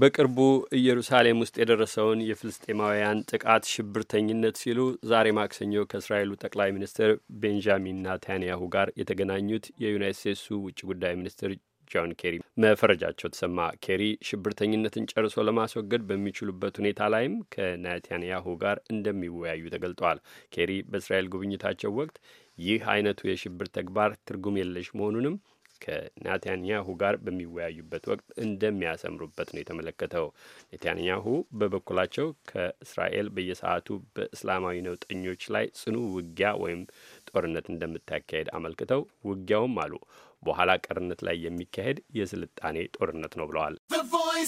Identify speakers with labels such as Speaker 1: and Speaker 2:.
Speaker 1: በቅርቡ ኢየሩሳሌም ውስጥ የደረሰውን የፍልስጤማውያን ጥቃት ሽብርተኝነት ሲሉ ዛሬ ማክሰኞ ከእስራኤሉ ጠቅላይ ሚኒስትር ቤንጃሚን ናታንያሁ ጋር የተገናኙት የዩናይት ስቴትሱ ውጭ ጉዳይ ሚኒስትር ጆን ኬሪ መፈረጃቸው ተሰማ። ኬሪ ሽብርተኝነትን ጨርሶ ለማስወገድ በሚችሉበት ሁኔታ ላይም ከናታንያሁ ጋር እንደሚወያዩ ተገልጠዋል። ኬሪ በእስራኤል ጉብኝታቸው ወቅት ይህ አይነቱ የሽብር ተግባር ትርጉም የለሽ መሆኑንም ከናታንያሁ ጋር በሚወያዩበት ወቅት እንደሚያሰምሩበት ነው የተመለከተው። ኔታንያሁ በበኩላቸው ከእስራኤል በየሰዓቱ በእስላማዊ ነውጠኞች ላይ ጽኑ ውጊያ ወይም ጦርነት እንደምታካሄድ አመልክተው ውጊያውም አሉ በኋላ ቀርነት ላይ የሚካሄድ የስልጣኔ ጦርነት ነው ብለዋል።